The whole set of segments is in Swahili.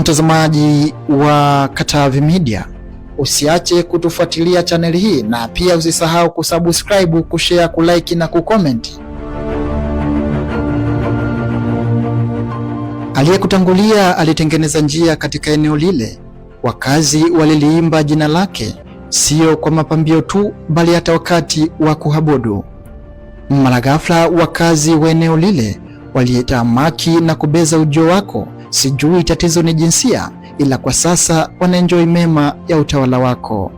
Mtazamaji wa Katavi Media, usiache kutufuatilia chaneli hii na pia usisahau kusubscribe, kushare, kulike na kukomenti. Aliyekutangulia alitengeneza njia katika eneo lile, wakazi waliliimba jina lake, sio kwa mapambio tu, bali hata wakati wa kuhabudu Mara ghafla wakazi wa eneo lile maki na kubeza ujio wako Sijui tatizo ni jinsia, ila kwa sasa wanaenjoy mema ya utawala wako.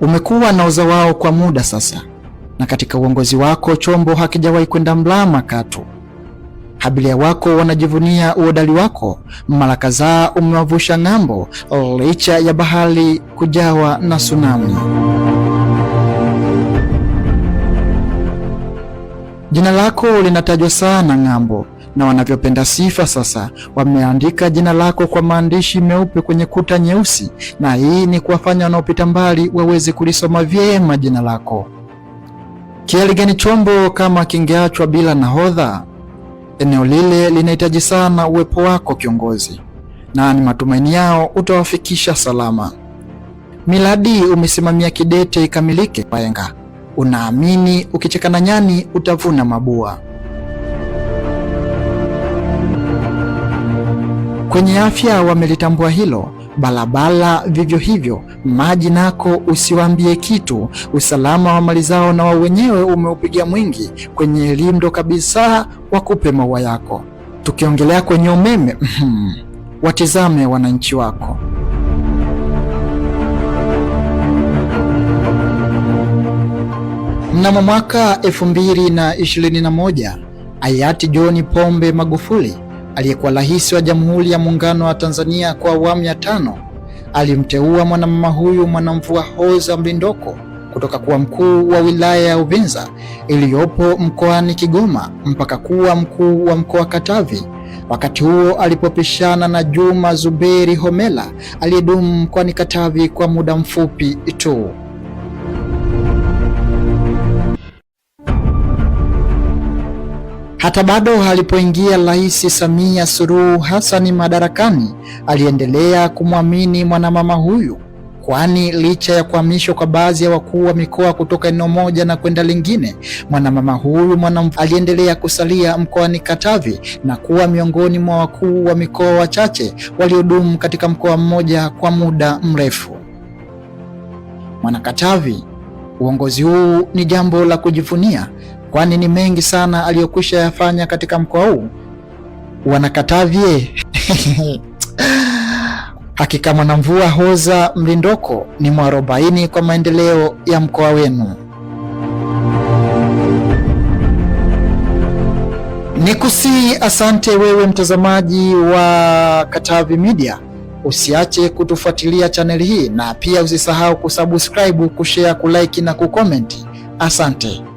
Umekuwa na uza wao kwa muda sasa, na katika uongozi wako chombo hakijawahi kwenda mlama katu. Habilia wako wanajivunia uodali wako, mara kadhaa umewavusha ng'ambo, licha ya bahari kujawa na tsunami. Jina lako linatajwa sana ng'ambo, na wanavyopenda sifa sasa wameandika jina lako kwa maandishi meupe kwenye kuta nyeusi, na hii ni kuwafanya wanaopita mbali waweze kulisoma vyema jina lako. Kiali gani chombo kama kingeachwa bila nahodha? Eneo lile linahitaji sana uwepo wako kiongozi, na ni matumaini yao utawafikisha salama. Miradi umesimamia kidete ikamilike Paenga. Unaamini ukicheka na nyani utavuna mabua. Kwenye afya wamelitambua hilo, barabara vivyo hivyo, maji nako usiwaambie kitu. Usalama wa mali zao na wao wenyewe umeupigia mwingi, kwenye elimu ndo kabisa wakupe maua yako. Tukiongelea kwenye umeme mhmm, watizame wananchi wako. Mnamo mwaka 2021 hayati John Pombe Magufuli aliyekuwa rais wa Jamhuri ya Muungano wa Tanzania kwa awamu ya tano alimteua mwanamama huyu Mwanamvua Hoza Mlindoko kutoka kuwa mkuu wa wilaya ya Uvinza iliyopo mkoani Kigoma mpaka kuwa mkuu wa mkoa Katavi. Wakati huo alipopishana na Juma Zuberi Homela aliyedumu mkoani Katavi kwa muda mfupi tu. Hata bado alipoingia Rais Samia Suluhu Hassan madarakani, aliendelea kumwamini mwanamama huyu, kwani licha ya kuhamishwa kwa baadhi ya wakuu wa mikoa kutoka eneo moja na kwenda lingine, mwanamama huyu mwana aliendelea kusalia mkoani Katavi na kuwa miongoni mwa wakuu wa mikoa wachache waliodumu katika mkoa mmoja kwa muda mrefu. Mwanakatavi, uongozi huu ni jambo la kujivunia kwani ni mengi sana aliyokwisha yafanya katika mkoa huu. Wanakatavye hakika Mwanamvua Hoza Mlindoko ni mwarobaini kwa maendeleo ya mkoa wenu. ni kusii asante wewe mtazamaji wa Katavi Media, usiache kutufuatilia chaneli hii na pia usisahau kusubscribe, kushare, kulike na kukomenti. Asante.